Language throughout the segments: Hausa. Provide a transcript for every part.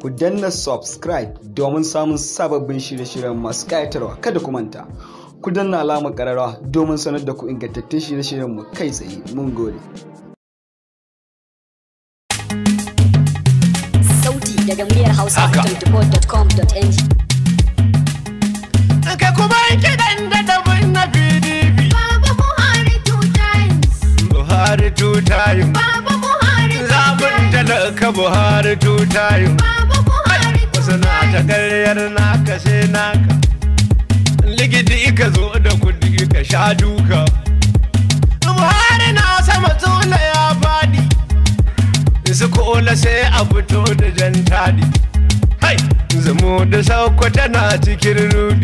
ku danna subscribe domin samun sababbin shirye-shiryen masu ƙayatarwa kada ku manta ku danna alamar ƙararwa domin sanar da ku ingantattun shirye-shiryen mu kai tsaye mun gode sauti daga muryar hausa 24.com.ng ka kuma kiɗan da dabin na pdp buhari two times buhari two times buhari tutayo ta karyar naka sai naka ligidi ka zo da kudi ka sha duka buhari na sama tula ya fadi su kola sai a fito da jan tadi hai zamo da sauko tana cikin rudi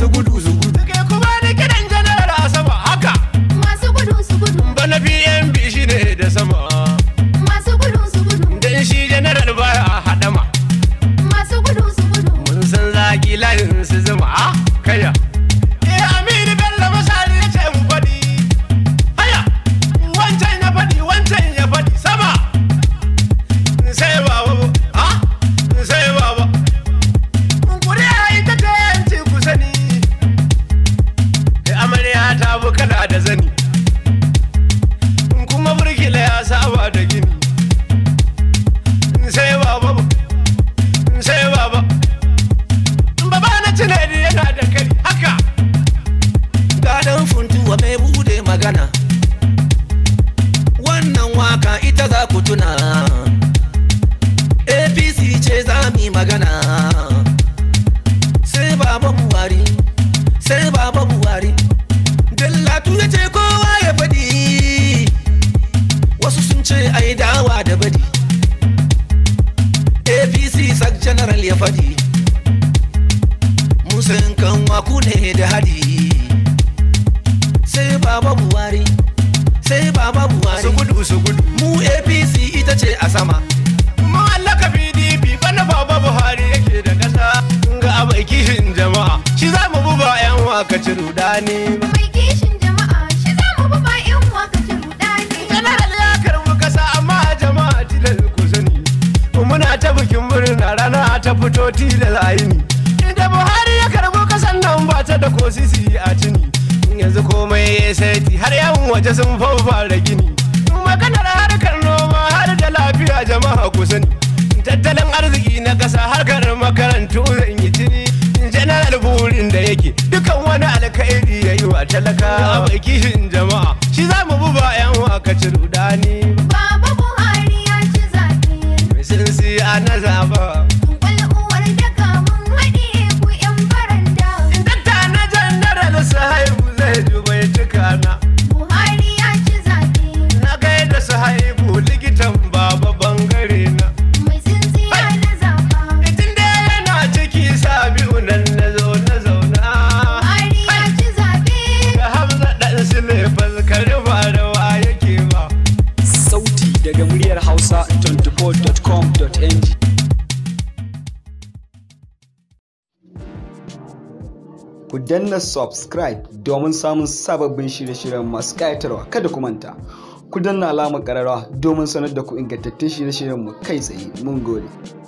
masu gudu su gudu suke kuma da kiran janar a sama haka masu gudu su gudu bana pmb shi ne da sama masu gudu su gudu dan shi janar baya hadama masu gudu su gudu mun san zaki layin su zama kaya sama mallaka pdp bana baba buhari yake da kasa ga abai kishin jama'a shi za mu buba yan waka ci rudani muna ta bikin murna rana ta fito tilal Inda buhari ya karbo kasan nan ba ta da kosisi a tuni yanzu komai ya saiti har yan waje sun fara gini another lover. ku danna subscribe domin samun sababbin shirye-shiryen masu ƙayatarwa kada ku manta ku danna alamar ƙararwa domin sanar da ku ingantattun shirye-shiryen mu kai tsaye mun gode